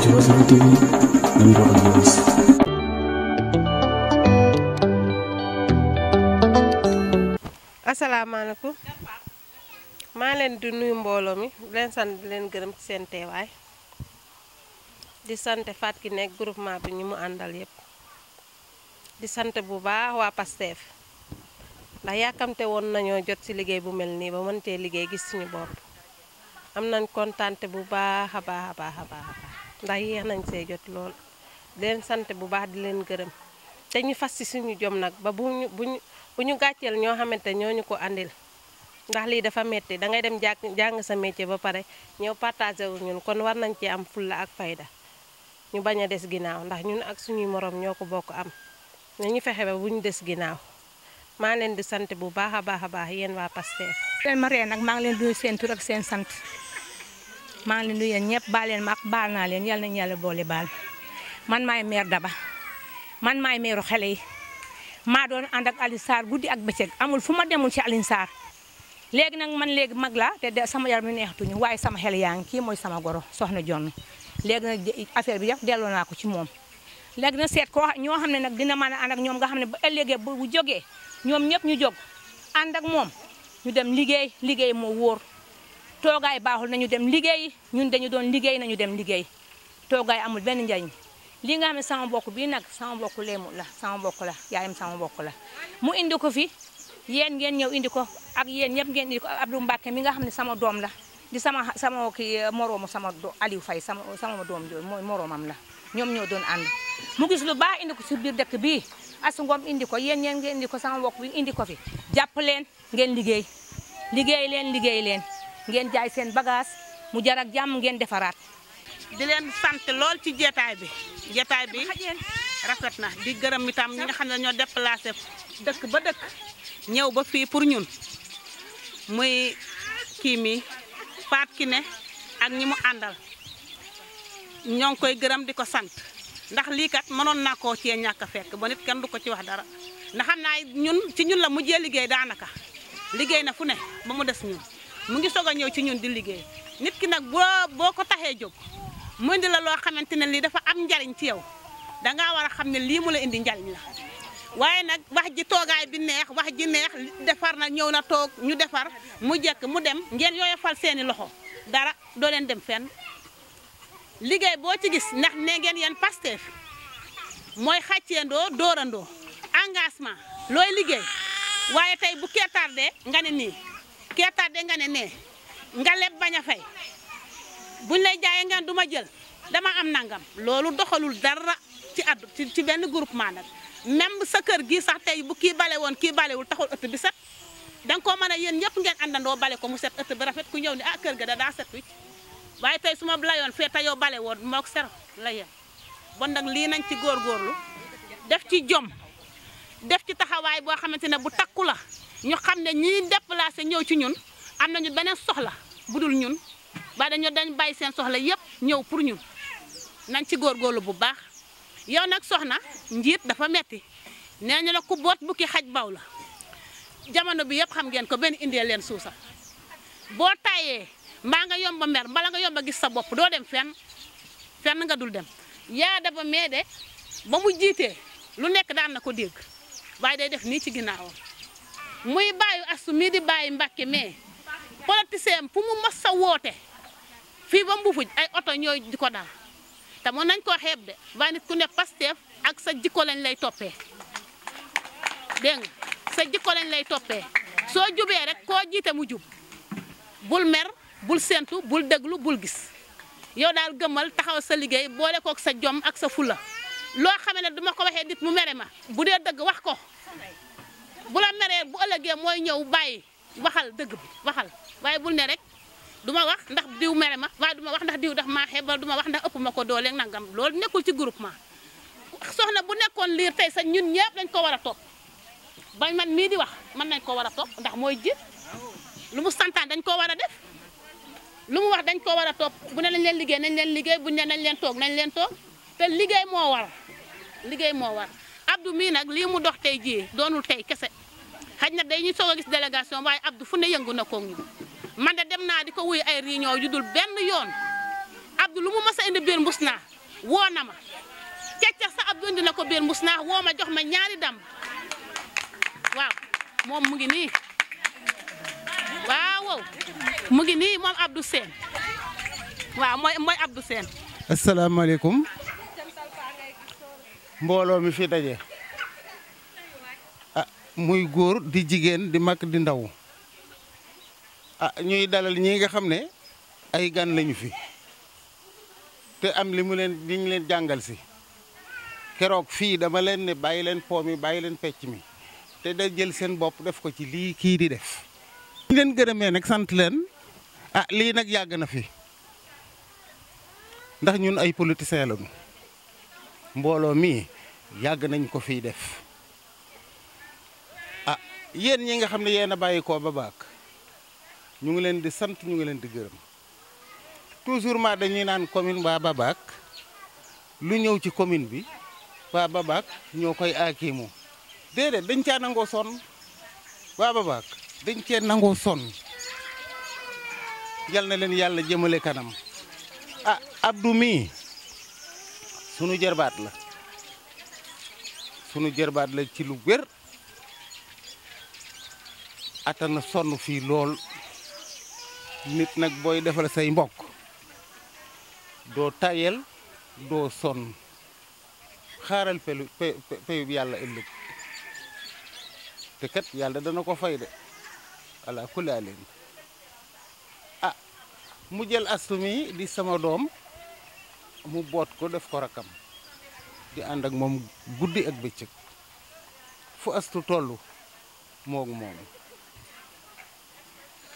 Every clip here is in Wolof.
Jawa Seru TV dan Bapak Jelas. asalaamaaleykum maa leen di nuyu mbolo mi len sant di len gërëm ci sen téway. di sant Fat ki nek groupement bi ñi mu andal yépp di sant bu baax wa Pastef ndax won nañu jot ci liggéey bu melni ba liggéey gis suñu bop. am nañ bu baaxa baaxa baaxa baaxa. ndax yéex nañ see jot lool di leen sant bu baax di leen gërëm te ñu fas ci suñu jom nag ba bu ñu bu ñu bu gàcceel ñoo xamante ñoo ñu ko andil ndax lii dafa metti da ngay dem jàng sa métier ba pare ñëw partagé wu ñun kon war nañ ci am fulla ak fayda ñu bañ a des ginnaaw ndax ñun ak suñuy moroom ñoo ko bokk am ñu fexe ba bu ñu des ginnaaw maa leen di sant bu baax a baax a baax yéen waa Pastef. leen ma nag maa leen di nuyu seen tur ak seen sant. maa ngi leen nuyu yéen ñëpp baal leen ak baal naa leen yal nañu yàlla boole baal man maay maire Daba man maay meeru xale yi maa doon ànd ak Alioune Sarr guddi ak bëccëg amul fu ma demul ci Alioune Sarr léegi nag man léegi mag la te de sama yaram mi neexatuñu waaye sama xel yaa ngi kii mooy sama goro soxna jonn léegi nag affaire bi yëpp delloo naa ko ci moom léegi na seet ko ñoo xam ne nag dina mën a ànd ak ñoom nga xam ne ba ëllëgee bu joge ñoom ñëpp ñu jóg ànd ak moom ñu dem liggéey liggéey moo wóor toogaay baaxul nañu dem liggéey ñun dañu doon liggéey nañu dem liggéey toogaay amul benn njariñ li nga xam ne sama mbokk bii nag sama mbokk leemu la sama mbokk la yaayam sama mbokk la mu indi ko fi yéen ngeen ñëw indi ko ak yéen ñëpp ngeen indi ko Abdou Mbacke mi nga xam ne sama doom la di sama sama ki euh, moroomu sama Aliou Faye sama sama doom jooju mooy moroomam la ñoom ñoo doon ànd mu gis lu baax indi ko si biir dëkk bii Astou Ngom indi ko yéen ngeen indi ko sama mbokk bi indi ko fi jàpp leen ngeen liggéey liggéey leen liggéey leen ngeen jaay seen bagage mu jar ak jàmm ngeen defaraat. di len sante lol ci jetaay bi jetaay bi rafetna di gërëm itam ñi nga xamne ñoo déplacer dekk ba dekk ñew ba fi pour ñun muy kii mi ki ne ak ñi mu àndal ñoo koy gërëm diko sante ndax li kat mënon na ko ci ñaka fekk bo nit kenn du ko ci wax dara ndax xamna ñun ci ñun la mujjee liggéey daanaka liggéey na fu ne ba mu dess ñun. mu ngi soog a ñëw ci ñun di liggéey nit ki nag boo boo ko taxee jóg mu indi la loo xamante ne lii dafa am njariñ ci yow dangaa war a xam ne lii mu la indi njariñ la waaye nag wax ji toogaay bi neex wax ji neex defar na ñëw na toog ñu defar mu jekk mu dem ngeen yooye fal seeni loxo dara doo leen dem fen liggéey boo ci gis ndax ne ngeen yeen Pastef mooy xàcceendoo dóorandoo engagement looy liggéey waaye tey bu kee nga ne nii kee tardé nga ne nee nga leb bañ a fay buñ lay jaayee ngeen du ma jël dama am nangam loolu doxalul dara ci addu ci benn groupement nag même sa kër gi sax tey bu kii bale woon kii balewul taxul ëtt bi set danga ko mën a yéen ñëpp ngeen àndandoo bale ko mu set ëtt bi rafet ku ñëw ni ah kër ga da daa set wicc waaye tey suma ma layoon fee te yow bale woon mook ser la yéen bon nag lii nañ ci góorgóorlu def ci jom def ci taxawaay boo xamante ne bu takku la ñu xamné ñi déplacer ñew ci ñun amna ñu benen soxla budul ñun ba dañu dañ bay seen soxla yépp ñew pour ñun nañ ci góorgóorlu bu baax yow nak soxna njit dafa metti nee la ku bu ki xaj baw la jamono bi yépp xam ngeen ko ben indi leen suusa bo tayé ma nga yomba mer mbala nga yomba gis sa bop do dem fenn fenn nga dul dem ya dafa mede ba mu jité lu nek daan nako deg waye day def ni ci muy bàyyi astu di bàyyi mbakke mais politicien fu mu mas a woote fii ba mbufuj ay oto ñooy di ko daal te mën nañ koo xeeb de waaye nit ku ne Pastef ak sa jikko lañ lay toppee dégg sa jikko lañ lay toppee soo jubee rek koo jiite mu jub bul mer bul sentu bul déglu bul gis yow daal gëmmal taxaw sa liggéey boole kook sa jom ak sa fula loo xamee ne duma ko waxee nit mu mere ma bu dee dëgg wax ko bu la meree bu ëllëgee mooy ñëw bàyyi waxal dëgg bi waxal waaye bul ne rek du ma wax ndax diw mere ma waaye du ma wax ndax diw daf maa xeebal du ma wax ndax ëpp ma ko dooleeg nangam loolu nekkul ci groupement soxna bu nekkoon liir tey sax ñun ñëpp dañ ko war a topp bañ man mii di wax mën nañ ko war a topp ndax mooy ji lu mu santaan dañ ko war a def lu mu wax dañ ko war a topp bu ne lañ leen liggéey nañ leen liggéey bu ne nañ leen toog nañ leen toog liggéey moo liggéey moo Abdou mii nag lii mu dox tey jii doonul tey kese xaj na dañuy soog a gis délégation waaye Abdou fu ne yëngu na ko ñun man de dem naa di ko wuyu ay réunion yu dul benn yoon Abdou lu mu mës indi biir mbus naa woo na ma ceccax sa Abdou indi na ko biir mbus woo ma jox ma ñaari dam waaw moom mu ngi nii waaw mu ngi nii moom Abdou Sène waaw mooy mooy seen Sène asalaamaaleykum mbooloo mi fi daje ah muy góor di jigéen di mag di ndaw ah ñuy dalal ñi nga xam ne ay gan lañu fi te am li mu leen li leen jàngal si keroog fii dama leen ne bàyyi leen po mi bàyyi leen pecc mi te da jël seen bopp def ko ci lii kii di def. ñu leen gërëmee nag sant leen a ah, lii nag yàgg na fi ndax ñun ay politiciens lañu. mbooloo mii yàgg nañ ko fii def a ah, yéen ñi nga xam ne yéen a bàyyi koo ba baak ñu ngi leen di sant ñu ngi leen di gërëm toujours ma dañuy naan commune waa Babac lu ñëw ci commune bi waa Babac ñoo koy aakimu déedéet dañ caa nangoo son waa babaak dañ cee nangoo sonn yal na leen yàlla jëmale kanam ah Abdou mii sunu jërbaat la sunu jërbaat la ci lu wér atana sonn fii lool nit nag booy defal say mbokk doo tayel doo sonn xaaral pelu peyub yàlla ëllëg te kat yàlla dana ko fay de ala kulaaleen ah mu jël astumi di sama doom mu bot ko def ko rakam di and ak mom guddii ak bëccëg fu astu tollu mok mom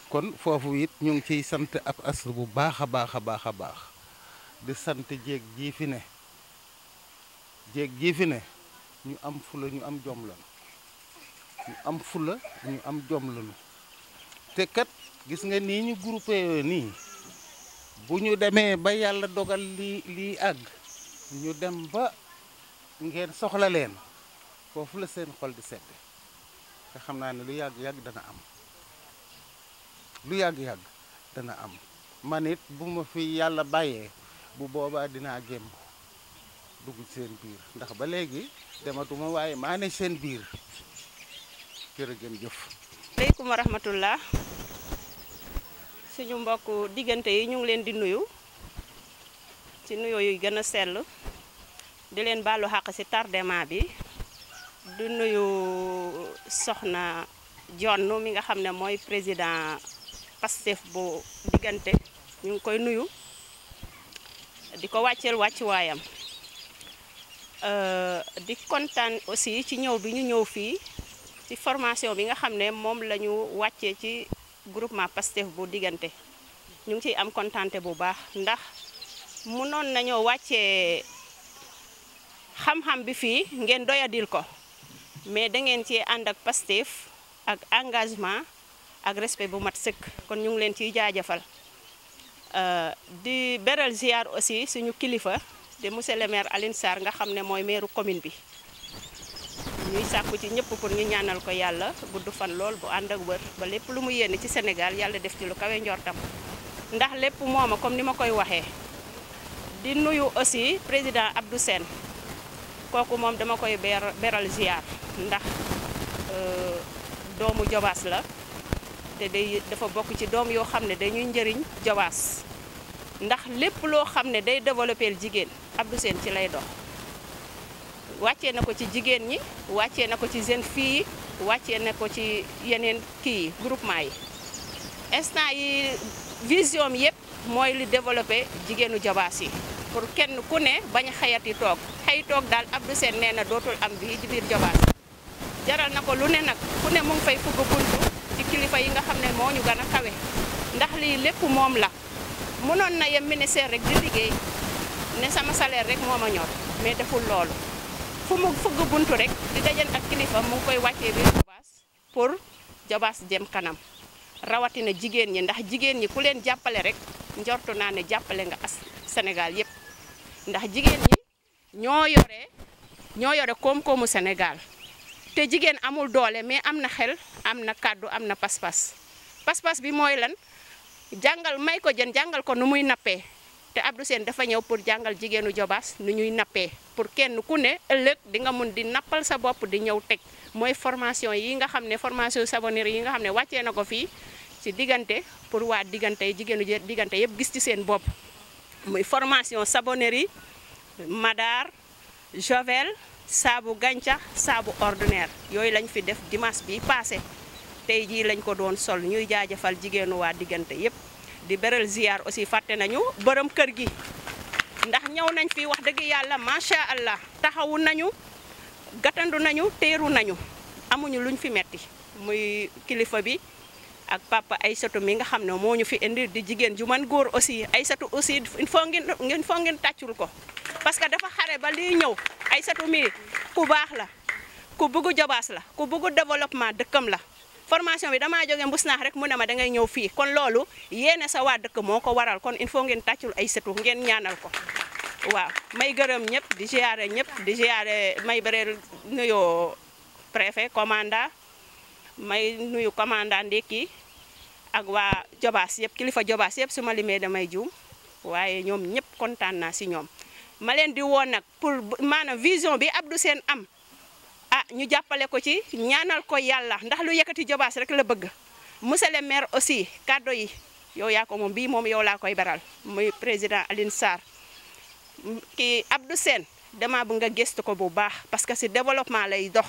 kon fofu it ñu ngi ciy sante ab astu bu baaxa baaxa baaxa baax di sante jeeg jii fi ne jeeg fi ne ñu am fula ñu am jom lanu ñu am fula ñu am jom lanu te kat gis nga ni ñu groupé ni buñu démé ba yalla dogal li li ag ñu dem ba ngeen soxla leen fofu la seen xol di sedd te xamna ni lu yag yag dana am lu yag yag dana am manit buma bu ma fi yalla bayé bu boba dina gem dugg seen biir ndax ba légui dematuma waaye seen biir kër jëf alaykum suñu mbokk diggante yi ñu ngi leen di nuyu ci nuyu yi gën a sell di leen baalu xàq ci tardement bi du nuyu soxna jonn mi nga xam ne mooy président Pastef bu diggante ñu ngi koy nuyu di ko wàcceel wàccuwaayam euh, di kontaan aussi ci ñëw bi ñu ñëw fii ci formation bi nga xam ne moom lañu wàccee ci groupement Pastef bu diggante ñu ngi ciy am kontante bu baax ndax mu mënoon nañoo wàccee xam-xam bi fii ngeen doyadil ko mais da ngeen ci ànd ak Pastef ak engagement ak respect bu mat sëkk kon ñu ngi leen ciy jaajëfal euh, di beral ziar aussi suñu kilifa de monsieur le maire Alioune Sarr nga xam ne mooy maire commune bi ñuy sakku ci ñepp pour ñu ñaanal ko bu du fan lool bu and ak wër ba lepp lu mu yenn ci Sénégal yalla def ci lu kawe njortam ndax lepp moma comme ni koy waxé di nuyu aussi président Abdou sen koku mom dama koy beral ziar ndax euh, doomu jobaas la té day dafa bok ci doom yo xamné dañuy ndëriñ jobaas ndax lepp lo xamné day développer jigéen Abdou sen ci lay dox wàccee na ko ci jigéen ñi wàccee na ko ci jeune fii yi wàccee na ko ci yeneen kii groupement yi instant yi vision yëpp mooy li développé jigéenu jabaas yi pour kenn ku ne bañ a yi toog xay toog daal Abdou Sène nee na dootul am bi ci biir jabaas jaral na ko lu ne nag ku ne mu ngi fay fugg buntu ci kilifa yi nga xam ne moo ñu gën a kawe ndax lii lépp moom la mënoon na yem ministère rek di liggéey ne sama salaire rek moom a ñor mais deful loolu fu mu fëgg buntu rek di dajan ak kilifa mu ngi koy wàccee biir Jobaas pour Jobaas jëm kanam rawatina jigéen ñi ndax jigéen ñi ku leen jàppale rek njortu naa ne jàppale nga as Sénégal yépp ndax jigéen ñi ñoo yore ñoo yore koom-koomu Sénégal te jigéen amul doole mais am na xel am na kàddu am na pas-pas pas-pas bi mooy lan jàngal may ko jën jàngal ko nu muy nappee te Abdou sen dafa ñew pour jangal jigenu Jobaas nu ñuy nappé pour kenn ku ne ëlëk di nga mun di nappal sa bop di ñew tek moy formation yi nga xamné formation savonnerie yi nga xamné waccé nako fi ci diggante pour waa diggante jigéenu gis ci sen bop moy formation savonnerie madar javel, sabu gancha sabu ordinaire yoy lañ fi def dimanche bi passé tay ji lañ ko doon sol ñuy jaajeufal jigéenu wa di beral ziar aussi faté nañu borom kër gi ndax nañ fi wax dëgg ma sha allah taxaw nañu gatandu nañu téru nañu amuñu luñ fi metti muy kilifa bi ak papa aïssatu mi nga xam moñu fi indi di jigen ju man góor aussi aïssatu aussi une fo ngeen ngeen foo ngeen tàccul ko parce que dafa xaré ba li ñew aïssatu mi ku bax la ku bëggu jobaas la ku bëggu développement dekkam la formation bi dama joge mbusnaax rek mu da ngay ñew fi kon lolu yene sa wad dëkk moko waral kon il faut ngeen tàccul ay setu ngeen ñaanal ko waaw may gëreem ñep di ziaré ñep di ziaré may bëreel nuyo préfet commandant may nuyu commandant ndekki ak wa jobaas yep kilifa jobaas yep suma limé damay joom waye ñom ñep contane na si ñom ma leen di woon nak pour manam vision bi Abdou sen am ñu jàppale ko ci ñaanal ko yàlla ndax lu yëkkati jobaas rek la bëgg monsieur le maire aussi kàddo yi yow yaa ko moom bii moom yow laa koy baral muy président Alioune Sarr kii Abdou Sène dama bu nga gëstu ko bu baax parce que si développement lay dox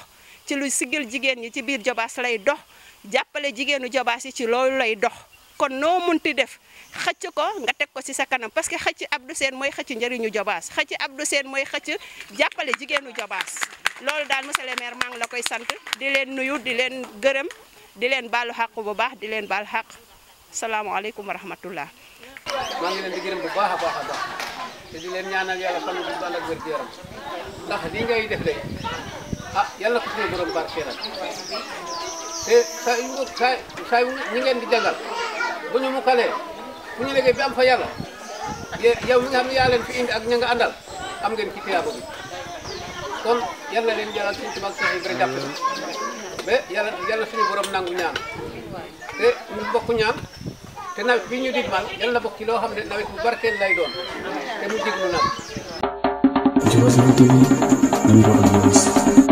ci lu sigil jigéen ñi ci biir jobaas lay dox jàppale jigéenu jobaas yi ci loolu lay dox kon no munti def xëcc ko nga tek ko ci sa kanam parce que xëcc Abdou sen moy xëcc ndariñu jobass xëcc Abdou sen moy xëcc jappalé jigenu jobass loolu dal monsieur le maire mang la koy sante di len nuyu di len gërem di len balu haqu bu baax di len bal haq assalamu alaykum rahmatullah maa ngi len di gërem bu baax a baax baax te di len ñaanal yalla fan bu baax ak wër gu yaram ndax li ngay def day ah yalla ko suñu borom barkeelal té sa yu sa yu ñi ngeen di jangal bu ñu mukkalee bu ñu liggéey bi am fa yàlla yow mi nga xam fi indi ak ña nga àndal am ngeen ci tiyaaba bi kon yàlla leen jëlaat suñu tubaab sax yi gën a jàppale ba yàlla yàlla suñu borom nangu ñaan te ñu bokk bi ñu digmal yàlla na bokk ci loo xam ne nawet bu barkeel lay doon te mu diglu nag.